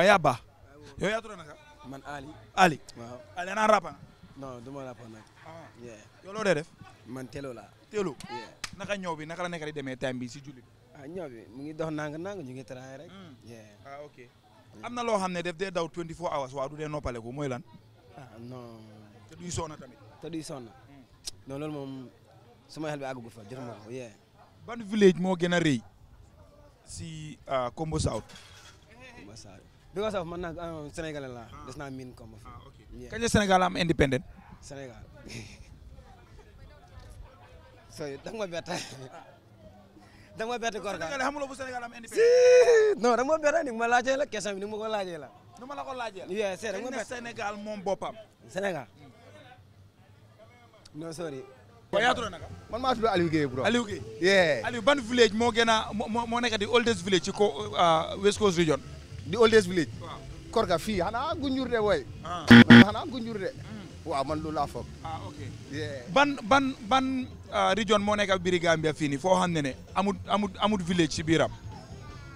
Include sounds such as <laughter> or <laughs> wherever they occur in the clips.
waaye yo Yo yow yaa naka man Ali. Ali waaw Ali No, rap non du ma rap nag. yow loo dee def. man ah. la. Telo. Yeah. naka kan ñëw bi naka kan la nekk di demee time bi ci julli. ah ñëw bi mu ngi dox nang nang ñu ngi traay rek. Hmm. ah ok am na loo def dé daw 24 hours wa du dé nopalé ko ya, moy lan. ah non. te duy sonna tamit. te duy sonna. Hmm. non lool mom suma xel bi fa ko. ban village mo gëna reuy? si Combo ah, South. Combo South. because of man ah, ah. na Sénégalais laa des naa miin comme fii. Ah, kañ la am indépendant. Sénégal. <laughs> sooy da nga ma bett <laughs> da nga ma bett Korka am indépendant. si ma bett la question bi ni ma ko la. nu la ko laajee la. moom boppam. Sénégal. non sorry. waaw yaa tudd man maa tudd Aliou Guèye bro. Aliou Guèye. ban village moo gën a moo moo nekk di oldest village ci ko Region. di old age village Korka fii xanaa Gunjur de wooy man ah. Gunjur de hmm. waaw man loolu laa ah, ban ban ban ah, région moo nekk ak fii nii foo xam ne ne amut amut amut village si biiram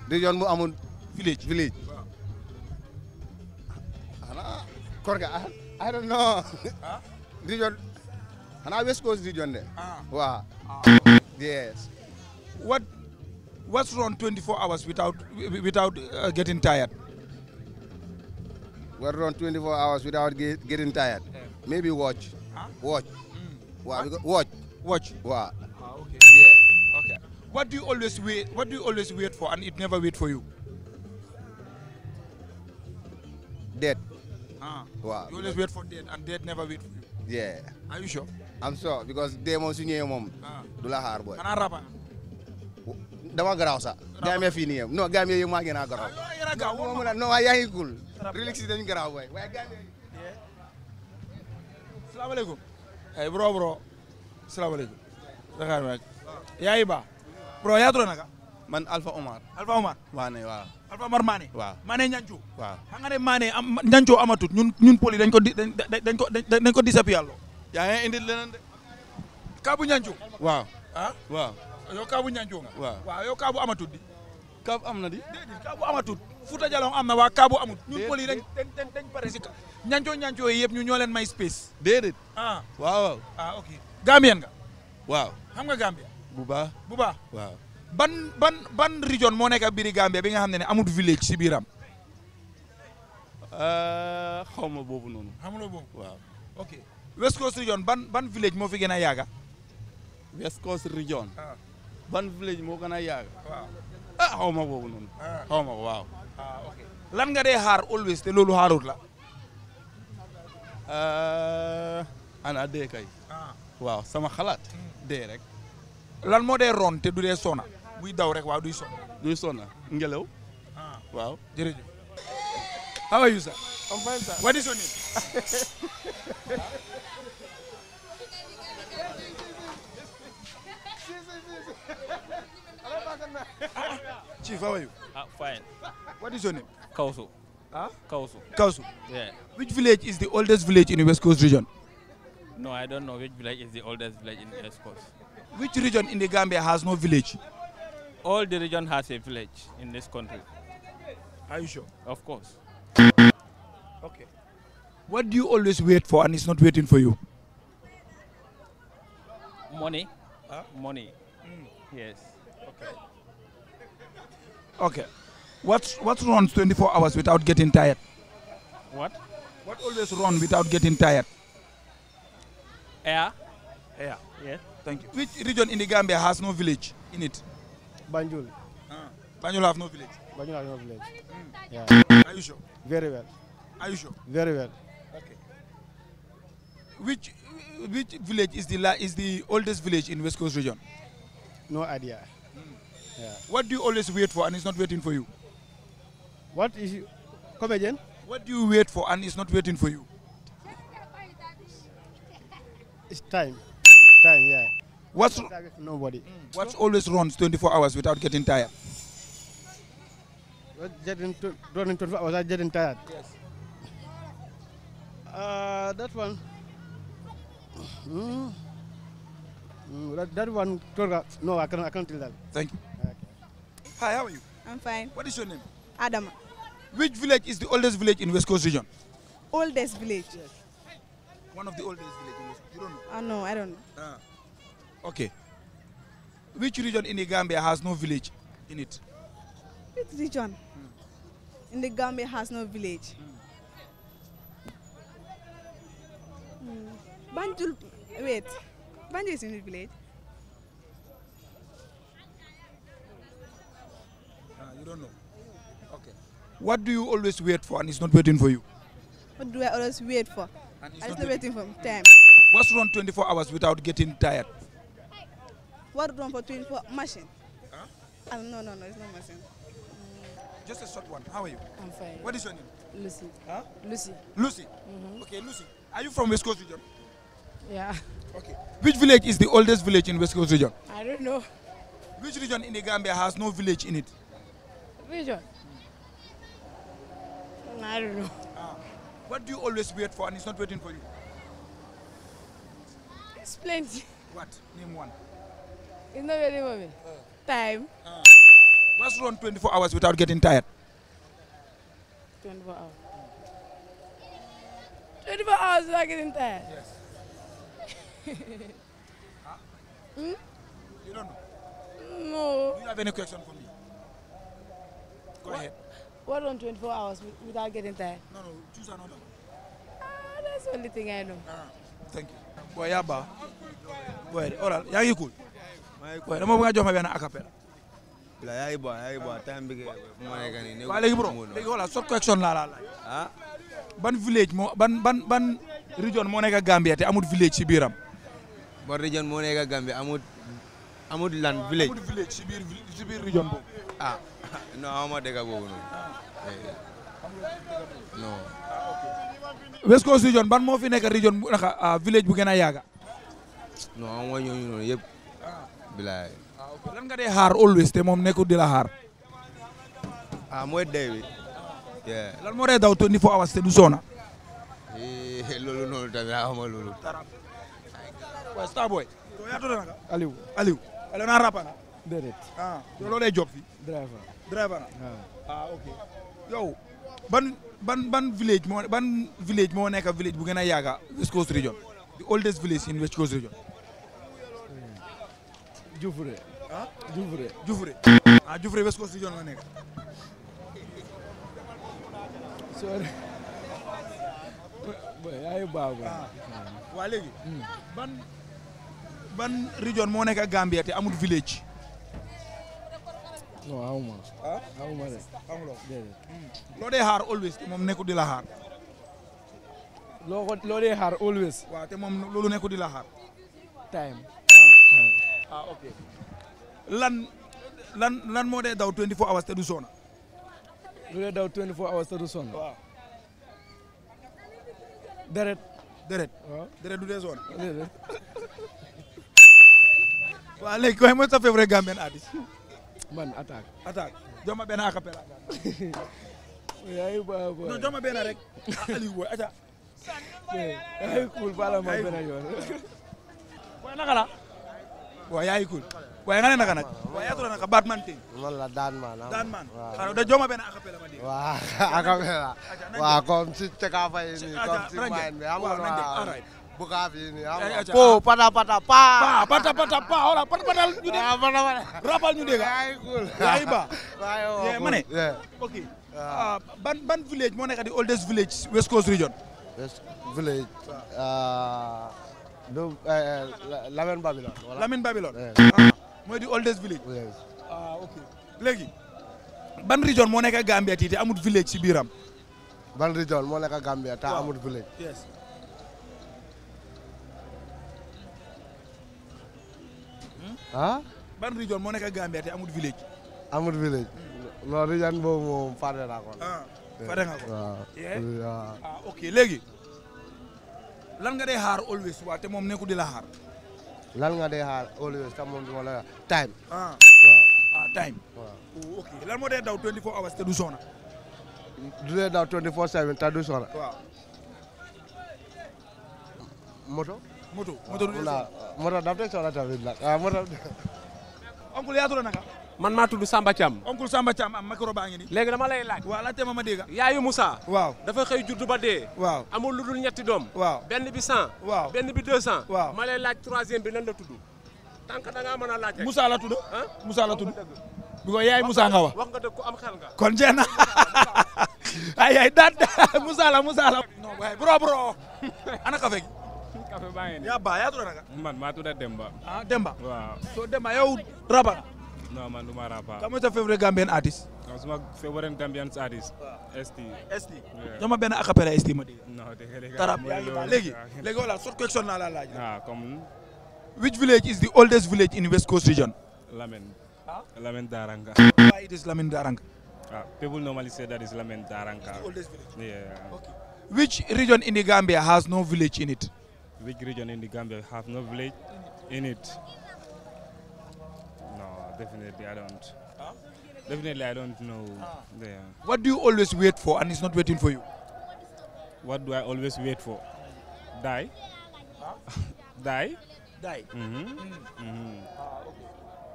région bu amul village village xanaa Korka I know <laughs> région xanaa West Coast région de waaw what's wrong 24 hours without without uh, getting tired? What's wrong 24 hours without get, getting tired? Yeah. Maybe watch. Huh? Watch. Mm. what? Watch. Watch. Ah, okay. Yeah. Okay. What do you always wait? What do you always wait for, and it never wait for you? Death. Ah. Wow. You always wait for death, and death never wait for you. Yeah. Are you sure? I'm sure because demons see your mom. Ah. Dula hard boy. Can I rap? dama garaaw sax. Gambia no nii yuma non Gambia yow maa gën no garaaw. non non non waaye yaa ngi gul. relax si dañu garaaw waay waaye ay bro bro. salaamaaleykum. Dakar rek. yaa ya, ngi bro yaa tudd naka. man Alpha Omar. Alpha Omar. ne waaw. Alpha Omar Mané. waaw Mané Ñanco. waaw xam nga ne Mané amatut ñun ñun poli dañ ko di dañ dañ ko dañ ko disappear loo. yaa ya, ngi indi leneen de. yow kaabu ñancoo nga waaw waaw yow kaabu amatut di kaabu am na di déedéet amatut Fouta Jalon am na waa kaabu amut ñun pël yi dañ pare si ñancoo ñancoo yi yëpp ñu ñoo leen may space déedéet ah waaw waaw ah ok Gambien nga waaw xam nga Gambia bu baax bu baax waaw ban ban moo nekka biir Gambia bi nga xam ne ne amut village si biiram euh, xaw ma boobu noonu xamuloo boobu waaw West Coast region ban ban village moo fi gën a yàgga West Coast region ah. ban village moo gën a yàgg. waaw ah xaw ma boobu noonu. Ah. xaw ma waaw. Ah, lan nga dee xaar always te loolu xaarut la. Ah. ana dee kay. waaw sama xalaat. Hmm. dee rek. lan moo dee ron te du dee sona buy daw rek waaw du sona duy sona ngelaw. waaw jërëjëf. how <laughs> <laughs> Chief, how are you? Ah, fine. What is your name? Kausu. Huh? Kausu. Kausu. Yeah. Which village is the oldest village in the West Coast region? No, I don't know which village is the oldest village in the West Coast. Which region in the Gambia has no village? All the region has a village in this country. Are you sure? Of course. Okay. What do you always wait for and it's not waiting for you? Money. Huh? Money. Mm. Yes. Okay. What's, what runs 24 hours without getting tired? What? What always runs without getting tired? Air. Air. Yeah. Thank you. Which region in the Gambia has no village in it? Banjul. Ah. Banjul have no village? Banjul have no village. Mm. Yeah. Are you sure? Very well. Are you sure? Very well. Okay. Which which village is the la is the oldest village in West Coast region? No idea. Yeah. What do you always wait for and it's not waiting for you? What is Come again? What do you wait for and it's not waiting for you? It's time. time, yeah. What's nobody? Mm. always runs 24 hours without getting tired? Getting running 24 hours without getting tired. Yes. Uh, that one. Mm. Mm, that, that one, no, I can't, I can't tell that. Thank you. Hi, how are you? I'm fine. What is your name? Adama. Which village is the oldest village in West Coast region? Oldest village? Yes. One of the oldest villages You don't know? Oh, no, I don't know. Uh, okay. Which region in the Gambia has no village in it? Which region in the Gambia has no village? Hmm. Hmm. Banjul, wait. Banjul is in the village. You don't know? Okay. What do you always wait for and it's not waiting for you? What do I always wait for? And it's, and not, waiting for me. Time. What's wrong 24 hours without getting tired? What wrong for 24? Machine. Huh? Um, no, no, no, it's not machine. Mm. Just a short one. How are you? I'm fine. What is your name? Lucy. Huh? Lucy. Lucy? Mm -hmm. Okay, Lucy. Are you from West Coast region? Yeah. Okay. Which village is the oldest village in West Coast region? I don't know. Which region in the Gambia has no village in it? I don't know. Ah. What do you always wait for and it's not waiting for you? It's plenty. What? Name one. It's not waiting for me. Uh. Time. Ah. What's wrong 24 hours without getting tired? 24 hours. Mm. 24 hours without getting tired? Yes. <laughs> huh? hmm? You don't know? No. Do you have any question for me? Go ahead. What on 24 hours without getting tired? No, no, choose another. Ah, that's the only thing I know. Ah, thank you. Boy, Yaba. Boy, oral, yaa ngi cool. Boy, dama bëgg a jox ma benn acapella. La yaa ngi boy, yaa ngi boy, time bi mo nekk nii. Waa léegi bro, léegi wala short question laa laa laaj. Ah. Ban village moo ban ban ban region moo nekk Gambia te amul village ci biiram. Ban region moo nekk Gambia amul Amadou Lan village Amadou village si biir si biir région boobu. ah <laughs> non amoo dégg ak boobu noonu. Eh, non. West Coast région ban moo fi nekk région bu naka ah, village bu gën a yàgg. non amoo ñooñu noonu yëpp. bilaay. Ah, lan nga dee xaar always te moom nekkul di la xaar. ah mooy day bi. lan moo dee daw 24 hours te du soona. Eh, <laughs> loolu noonu tamit ah ma loolu. waaye Starboy. Aliou Aliou. Elena rapana déedéet ah yow loo lay job fii driver driver ah, ah ban ban ban village moo ban village moo nekk village bu gën a yàgga West Coast region the oldest village in West Coast region Jufure hmm. ah, ah West Coast region nga nekk sorry waaye baax ah. waa léegi hmm. ban région moo nekk ak Gambia te amul village. non ah? de. amuloo hmm. always moom nekkul di la xaar. loo ko loo dee xaar always. te moom loolu nekkul di la xaar. Ah, ah, lan lan moo de daw 24 hours te du sona. lu dee daw 24 hours te du sona. deret. deret. du dee sona. waaw léegi koy mooy sa favorite Gambian artist man attaque attaque jox ma benn a cappella <laughs> yaay waaye naka waaye yaay cool waaye <laughs> nga ne naka waaye yaa naka Batman teñ man la daan man ah. daan man xanaa da jox <laughs> si te ka fay si maay bi am buka fini ama ah, eh, eh, po ah. pata pata pa pa pata pata pa ora pata pata ñu dégg ah, pata pata rapal eh, ban village moo nekk di oldest village West Coast region West village euh Babylon moo nekk Gambia ti te amul village ci biiram ban region moo nekk Gambia ta amul village ah. ban région moo nekk ak Gambia te amul village. amul village. non région boobu moom fàtte naa ko. Ah, fàtte nga ko waaw. Ah. Ah, ok léegi. lan nga dee xaar always waa te moom nekkul di la xaar. lan nga dee xaar always te moom la time. time. Oh, ok lan moo dee daw 24 hours te du soona. du dee daw 24/7 te du soona. moto. moto moto la moto dafte so la tawil la ah moto oncle yaa tudd naka man maa tudd Samba Thiam oncle Samba Thiam am micro baa ngi ni léegi dama lay laaj waaw laajte ma ma dégg yaayu Moussa waaw dafa xëy judd ba dee waaw amul lu dul ñetti doom waaw benn bi 100 waaw benn bi 200 waaw ma lay laaj troisième bi lan la tudd tànk da ngaa mën laaj Musa la tudd Moussa la yaay nga wax wax nga am xel nga kon ay ay la la bro bro <laughs> ana kafe café baa ngi nii yaa baa yaa tudd naka man maa tudd Demba ah Demba waaw so Demba yow rapa non man duma rapa kamu sa favorite Gambian artist non suma favorite Gambian artist ST ST dama benn acapella ST ma dégg non dégg dégg tarab yaa ngi baax léegi léegi voilà short question naa la laaj ah comme which village is the oldest village in West Coast region Lamin ah? Lamin Daranga why it is Lamin Daranga ah people normally say that is Lamin Daranga it's the oldest village yeah okay which region in the Gambia has no village in it which region in the Gambia have no village in it? No, definitely I don't. Huh? Definitely I don't know. What do you always wait for and it's not waiting for you? What do I always wait for? Die. Huh? <laughs> Die. Die. Mm -hmm. Mm -hmm. okay. Mm-hmm.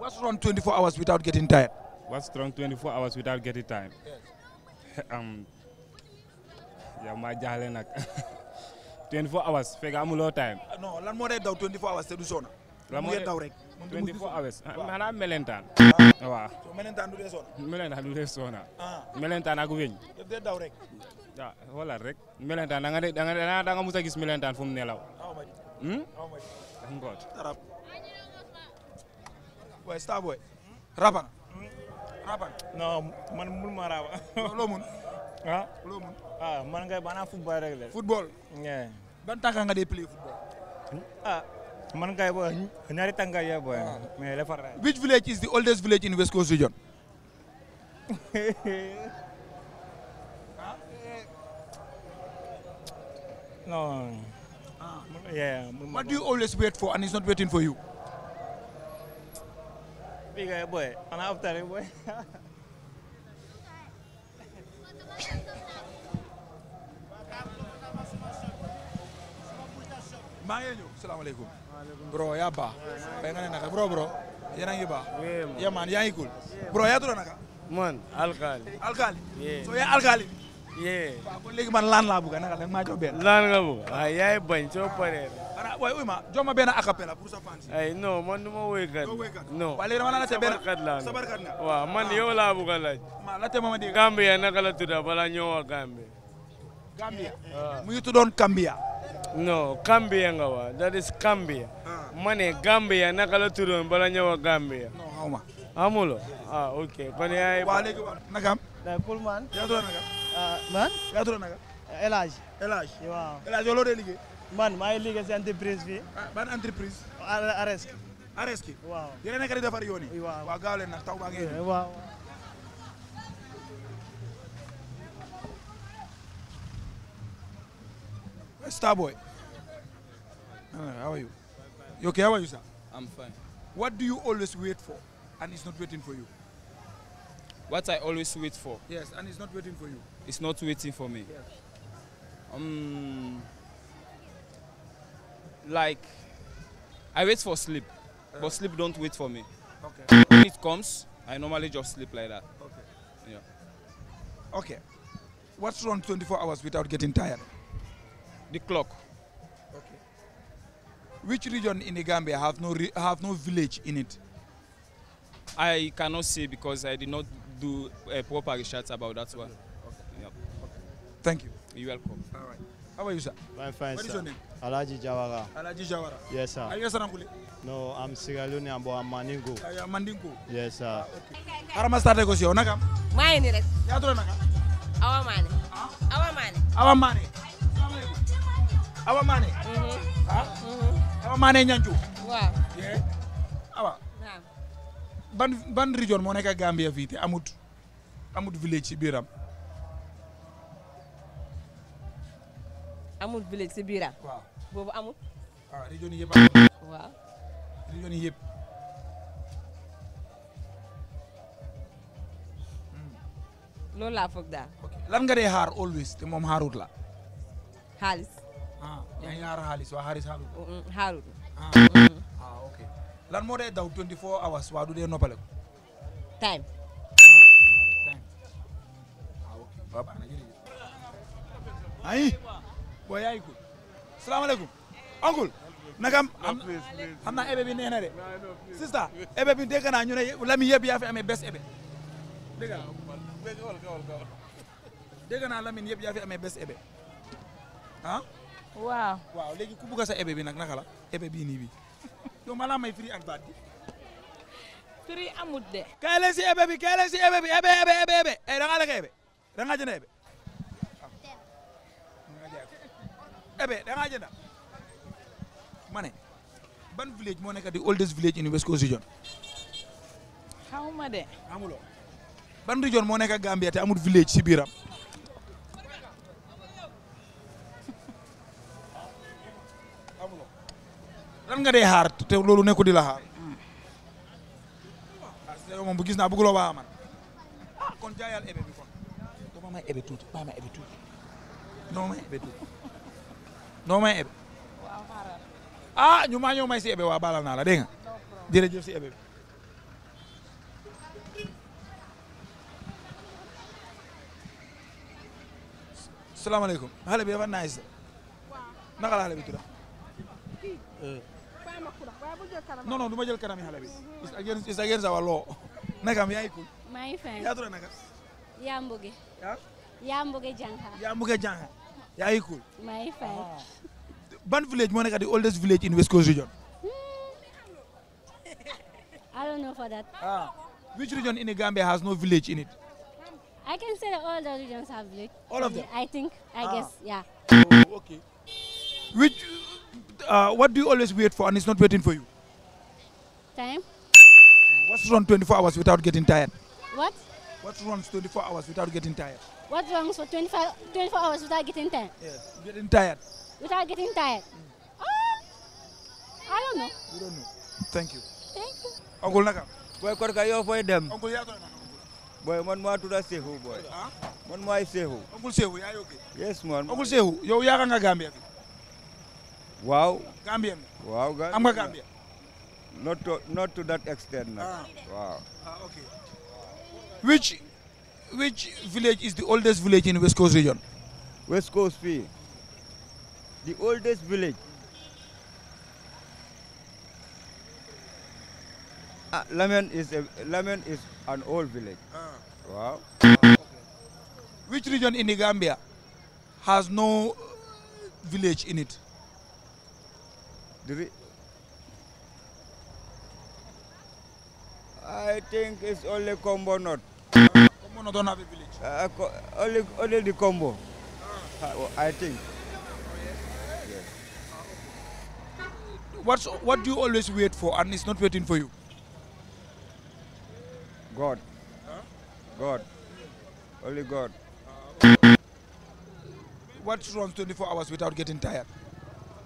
What's wrong 24 hours without getting tired? What's wrong 24 hours without getting tired? Yes. <laughs> um, yeah, my darling. <laughs> 24 hours fekk amuloo time. Ah, non lan moo day daw 24 hours te du soona. lan moo hours maanaam melentaan. Ah. waaw melentaan du dee soona. melentaan du dee ah. ak weñ. daf dee daw rek. waaw wala rek. melentaan da nga de da nga da star boy. raban. raban. non man mun ma <laughs> ah loo ah, mën ah man nga man kay booy naa which village is the oldest village <laughs> ah. Ah. What do you always wait for and it's not waiting for you? Big boy, and after boy. <laughs> maa ya, bro ya ba, pengen enak bro bro. yéen a ya, ba, baax. Iya, ya, man yaa bro ya tudd enak, man alkali, alkali, iya. so ya alkali, yeah. kon léegi man ah. laan laa bëgg naka nag maa jox benn. laan nga bëgg waaw ma jox ma benn acapella fans. ay no, man du ma woykat. doo woykat non waaye léegi dama sabar laajte benn sabarkat laa man ma laajte mama ma Gambia naka la tudd balaa ñëw Gambia. Gambia ah. mu ngi don Gambia. non Gambia nga wax that is Gambia. Ah. ma ne Gambia naka la turoon bala ñëw a Gambia. non xaw ma. amuloo ah ok kon yaay. waaw léegi waaw nagam. day Poul Man. yaa turoon nagam. ah man. yaa turoon nagam. Eh, El Hadj. El Hadj waaw. El man maa ngi entreprise bi. Ah, ban entreprise. Areski. Areski. waaw yéen a nekk Where's Starboy? how are you? You okay? How are you, sir? I'm fine. What do you always wait for and it's not waiting for you? What I always wait for? Yes, and it's not waiting for you. It's not waiting for me. Yes. Um, like, I wait for sleep, uh, but uh-huh. sleep don't wait for me. Okay. When it comes, I normally just sleep like that. Okay. Yeah. Okay. What's wrong 24 hours without getting tired? the clock. Okay. Which region in the Gambia have no have no village in it? I cannot say because I did not do a eh, proper research about that one. Okay. Yep. okay. Thank you. You're welcome. All right. How are you, sir? I'm fine, What sir. is your name? Alaji Jawara. Alaji Jawara. Yes, sir. Are you Sarankule? No, I'm Sigaluni Ambo, I'm Mandingo. Uh, Mandingo? Yes, sir. Ah, okay. Arama start negotiation, oh, nakam? Mine, yes. Yadura nakam? Ah? Our money. Our money. Our money. Awa Mané. ah. moo nekk Gambia fii te amut village ci biiram. amul village ci biiram. waaw boobu amul. waaw hmm. loolu laa foog daal. lan nga dee xaar always te moom xaarut la. ñaari ah, mm, mm, ah, mm, ah ok lan moo dee daw 24 hours waa du dee noppale ko time time ah ok waaw ah, na jërëjëf ay naa ebe bi naa ñu ne lami yaa fi amee bes ebe dégg naa dégg naa lamin yëpp yaa fi amee bes ebe ah waaw waaw ku bugg sa ebe bi nag naka la ebe bii nii bi yow ma may firi amut de. kaay leen ebe bi kaay leen ebe bi ebe ebe ebe ebe da ebe da ngaa ebe. ebe da ngaa jënd ah. ban village moo nekk di oldest village in West Coast de. ban region moo nekk Gambia te amul village si biiram. kan nga dee xaar te loolu nekku di la xaar ebe tuuti baa ebe tuuti dama ebe tuuti <laughs> dama ebe ah ñu maa ñëw may ebe waa baalal naa la dégg nga jërëjëf si ebe bi salaamaaleykum xale bi dafa nice naka la xale bi tudd non non du ma jël kanam yi xale bi. is ak yéen nakam yaa ngi kuy. maa yaa tura naka. yaa mbuge. ah. yaa ban village moo nekk di oldest village in West region. Hmm. I don't know for that. Ah. Which region in the Gambia has no village in it? I can say the regions have village. I think, I ah. guess, yeah. okay. uh, what do you always wait for and it's not waiting for you? Time. What's wrong 24 hours without getting tired? What? What runs 24 hours without getting tired? What runs for 25, 24 hours without getting tired? Yes, getting tired. Without getting tired? Mm. Uh, I don't know. You don't know. Thank you. Thank you. Uncle Naka. Boy, Korka, you're for them. Uncle Yato. Boy, one more to the Sehu, boy. Huh? One more Sehu. Uncle Sehu, are you okay? Yes, man. Uncle Sehu, you're Yaranga Gambia. Wow, Gambia. Wow, Gambia. i am nga Gambien. not to not to that extent nag. Ah. Wow. ah okay. which which village is the oldest village in West Coast region. West Coast fii the oldest village. ah is a Lamin is an old village. Ah. waaw. Which region in the Gambia has no village in it? I think it's only combo not. Combo not don't have a village. Uh, only, only the combo. Ah. Uh, I think. What's, what do you always wait for and it's not waiting for you? God. Huh? God. Only God. What runs 24 hours without getting tired?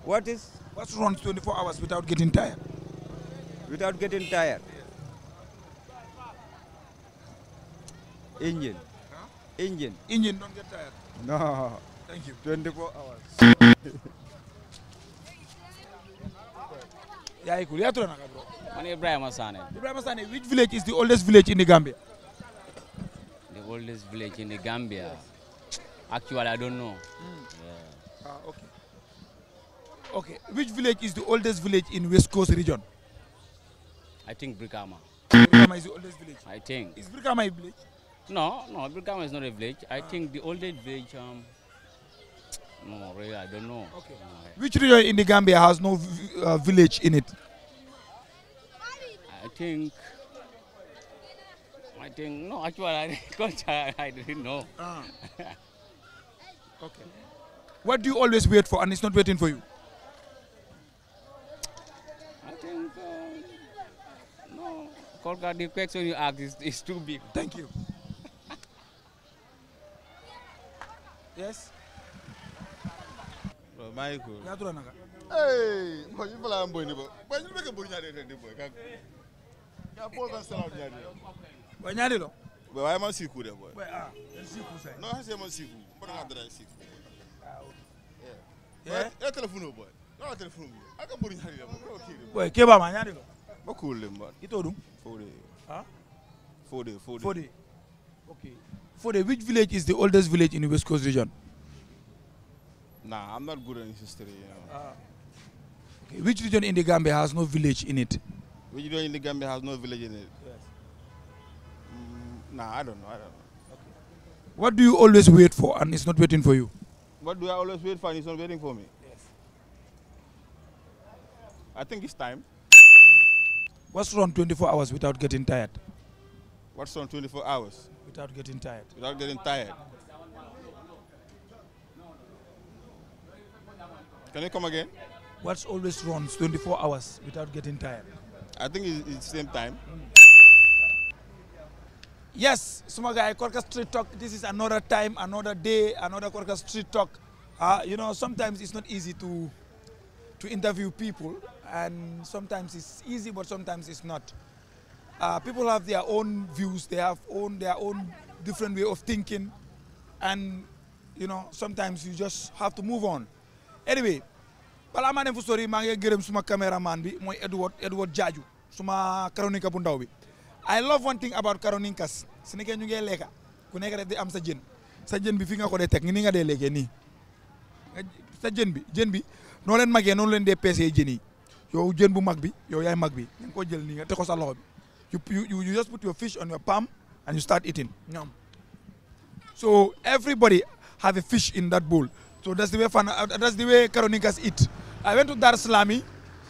What is? What's runs 24 hours without getting tired? Without getting tired? Engine. Huh? Engine. Engine don't get tired? No. Thank you. 24 hours. <laughs> Yeah, could. Yeah, bro. Man, Ibrahim Sane. Ibrahim Sane, which village is the oldest village in the Gambia? The oldest village in the Gambia? Actually, I don't know. Mm. Yeah. Ah, okay. Okay, which village is the oldest village in West Coast region? I think Brikama. Brikama is the oldest village? I think. Is Brikama a village? No, no, Brikama is not a village. I think the oldest village, um, no, really, I don't know. Okay. No, I, which region in the Gambia has no uh, village in it? I think, I think, no, actually, I, <laughs> I, didn't know. Ah. okay. What do you always wait for and it's not waiting for you? Kolga, the question you ask is, is too big. Thank you. yes. maa ngi ko. yaa tura naka. ee mɔgɔ yi fana y'an boyi ne bɔ wa ɲinɛ bɛ ka boyi ɲaade fɛ ne boyi ka ka bɔ ka sara ɲaade. wa ɲaade lɔ. bɛ wa ye ma si ku dɛ bɔ. bɛ aa si ku sɛ. n'o hali se ma si ku n bɔra ka dara si ku. ɛ ɛ telefɔni o bɔ n'a ka telefɔni o bɔ a ka boyi ɲaade la bɔ. bɛ k'e b'a ma ɲaade lɔ. Bokkul man. Itoɗum? Fode. Huh? Fode, Fode. Fode. Okay. Fode, which village is the oldest village in West Coast region? Nah, I'm not good in history, you know. Uh, okay. Which region in the Gambia has no village in it? Which region in the Gambia has no village in it? Yes. Mm, nah, I don't know. I don't know. Okay. What do you always wait for and it's not waiting for you? What do I always wait for and it's not waiting for me? Yes. I think it's time. What's wrong 24 hours without getting tired? What's wrong 24 hours? Without getting tired. Without getting tired. Can you come again? What's always wrong 24 hours without getting tired? I think it's, it's same time. Yes, Sumagai, Korka Street Talk. This is another time, another day, another Korka Street Talk. Uh, you know, sometimes it's not easy to to interview people and sometimes it's easy, but sometimes it's not. Uh, people have their own views, they have own their own different way of thinking, and you know sometimes you just have to move on. Anyway, balaa maa dem fu sori ma gërëm suma cameraman bi moy Edward Edward Jaju suma karoninka bu ndaw bi. I love one thing about karoninkas su nekkee ñu ngi lekka ku nekk rek di am sa jën sa jën bi fi nga ko dé tek ni nga dé ni. sa jën bi jën bi no leen magé non leen dé peesee jën yi. yow jën bu mag bi yow yaay mag bi nga ko nii nga teg sa loxo bi you you just put your fish on your palm and you start eating ñoom so everybody have a fish in that bowl that's the way fan uh, eat I went to Dar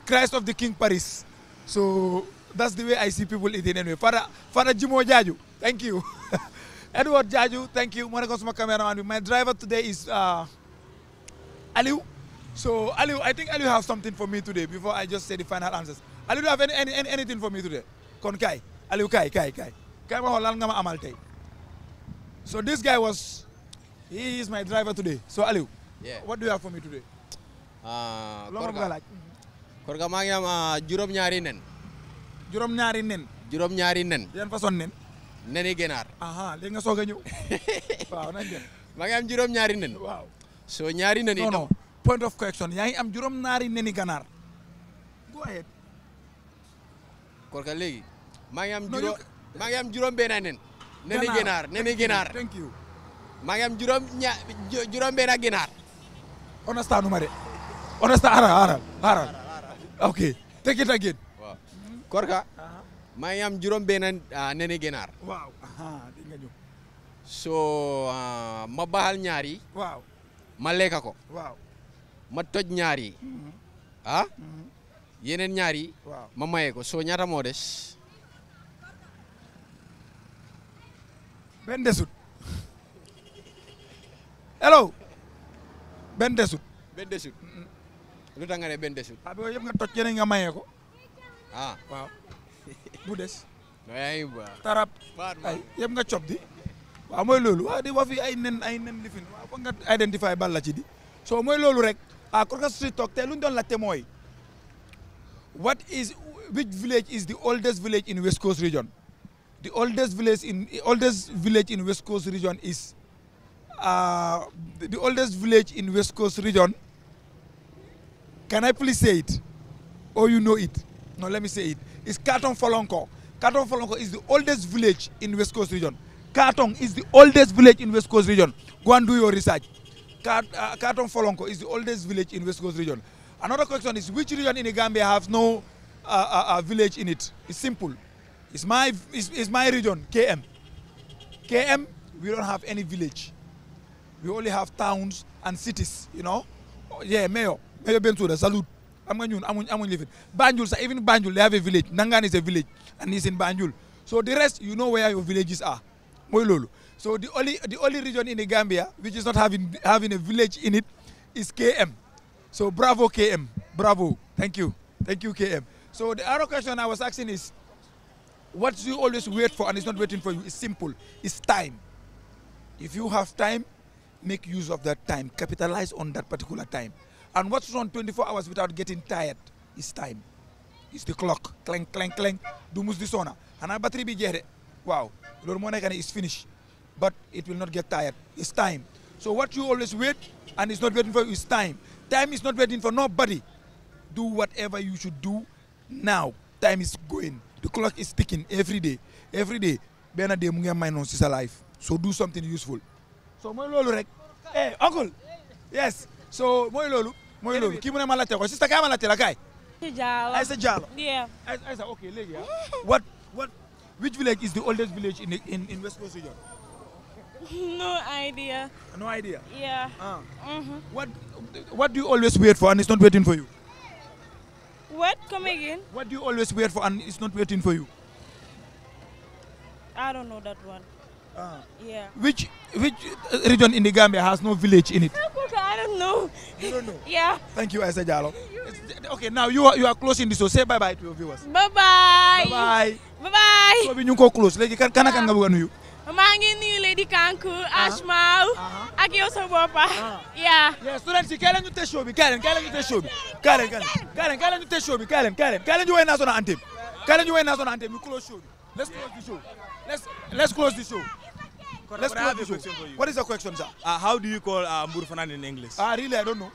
Christ of the King Paris so that's the way I see people eating anyway Fada Fada Jimo Jaaju thank you <laughs> Edward Jaaju thank you moo nekkoon suma my driver today is uh, Aliou So, Aliu, I think Aliu has something for me today before I just say the final answers. Aliu, you have anything for me today? Kon Kai. Aliu, Kai, Kai, Kai. Kai, ma lan nga ma So this guy was, he is my driver today. So Aliu, yeah. what do you have for me today? Uh, Korga. Korga maa ngi am ah, juróom ñaari nen. juróom ñaari nen. juróom ñaari nen. nen. neni ginaar. aha léegi nga soog a ñëw. <laughs> waaw nañ dem. maa ngi am juróom nen. waaw soo ñaari nen. non non point of yaa ngi am juróom-ñaari neni ganaar maa ngi am juróom maa ngi am neni ginaar maa ngi am juróom ña juróom-benn ginaar. understand de understand aaral aaral aaral ok take again. Korka. Uh-huh. maa ngi am juróom-benn ah, neni ginaar. so ah, ma baaxal ñaar ma lekk ma toj ñaari mm-hmm. ah mm-hmm. yenen ñaari ma maye ko so ñaata mo dess ben dessut hello ben dessut ben dessut mm-hmm. lu tax nga ne benn desut ah yeb nga toj yenen nga maye ko ah waaw <laughs> bu des ay ba tarap ay yeb nga chop di waaw moy lolu wa di wa fi ay nen ay nen lifin ko nga identify bal la ci di so moy lulu rek ah Korkaas Street Talk tey lu ñu doon laajte mooy what is which village is the oldest village in West Coast region the oldest village in oldest village in West Coast region is uh, the oldest village in West Coast region can I please say it or you know it no let me say it it's Katong Folonko Katong Folonko is the oldest village in West region Katong is the oldest village in West region go and do your research. Karton uh, Folonko is the oldest village in West Coast region. Another question is which region in the Gambia has no uh, uh, uh, village in it? It's simple. It's my, it's, it's my region, KM. KM, we don't have any village. We only have towns and cities, you know. Oh, yeah, mayor. Mayor Bensouda, salute. I'm going to I'm going to Banjul, sir, even Banjul, they have a village. Nangan is a village, and it's in Banjul. So the rest, you know where your villages are. Moilolo. So the only, the only region in the Gambia which is not having, having a village in it is KM. So bravo KM, bravo. Thank you. Thank you KM. So the other question I was asking is, what do you always wait for and it's not waiting for you It's simple. It's time. If you have time, make use of that time. Capitalize on that particular time. And what's wrong 24 hours without getting tired is time. It's the clock. Clank, clank, clank. Dumus disona. And our battery be jere. Wow. Lord Monagani finished but it will not get tired. It's time. So what you always wait and it's not waiting for you is time. Time is not waiting for nobody. Do whatever you should do now. Time is going. The clock is ticking every day. Every day. Bernard de mungia Minons is alive. So do something useful. So moy lolu rek. Hey, eh, uncle. Yes. So moy lolu, moy lolu. Ki muna malate ko. Sister kay malate la kay. Jalo. say Jalo. Yeah. Aisa okay, What what which village is the oldest village in in, in West Coast region? <laughs> No idea. No idea? Yeah. Uh. Mm -hmm. What What do you always wait for and it's not waiting for you? What? Come what, again? What do you always wait for and it's not waiting for you? I don't know that one. Uh, yeah. Which which uh, region in the Gambia has no village in it? I don't know. You don't know. <laughs> yeah. Thank you, Aisa Jalo. Okay, now you are you are closing this, so say bye bye to your viewers. Bye bye. Bye bye. Bye bye. So we ñu close. Legi kan kan nga bëgg mangi ni Lady kanku ashmau ah. ak yow sa boppa ya ah. ye student si kaay leen ñu tëj show bi kaay leen kaay ñu tëj show bi kaay leen kaay leen kaay ñu tëj show bi kaay leen kaay leen kaay leen ñu woy national anthem kaay leen ñu woy national anthem ñu close show bi let's close the show let's let's close the show let's close the show what is the question sir uh, how do you call uh, Mbour Fanane in English uh, really I don't know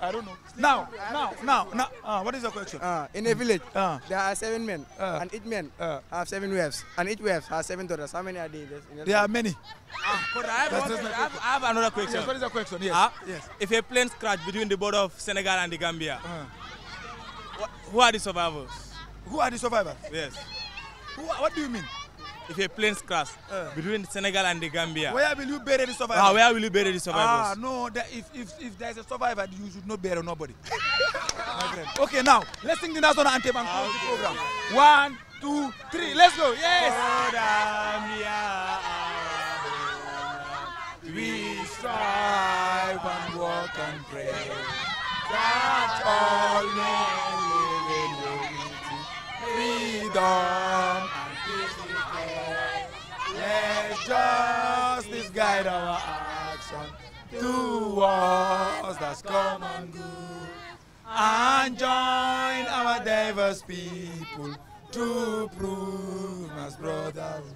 I don't know. Now, now, now, now. Uh, what is the question? Uh, in a village, uh, there are seven men, uh. and each uh. man have seven wives, and each wife has seven daughters. How many are there? There are many. Ah, I, have one, I, have, I, have another question. Yes, what ah, is the question? Yes. yes. If a plane crash between the border of Senegal and the Gambia, uh. wh who are the survivors? Who are the survivors? Yes. Who, what do you mean? If a plane crash uh. between Senegal and the Gambia. Where will you bury the survivors? Ah, where will you bury the survivors? Ah, no, that if, if, if there's a survivor, you should not bury nobody. <laughs> okay, now, let's sing the national anthem and close the program. One, two, three, let's go. Yes! Gambia, we strive and walk and pray. That all men Justice guide our action towards that's common good. And join our diverse people to prove as brothers.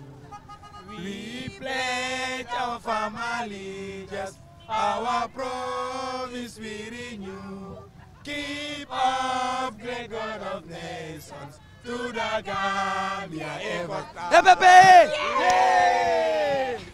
We pledge our family just our promise we renew. Keep up, great God of nations. Tunagami ya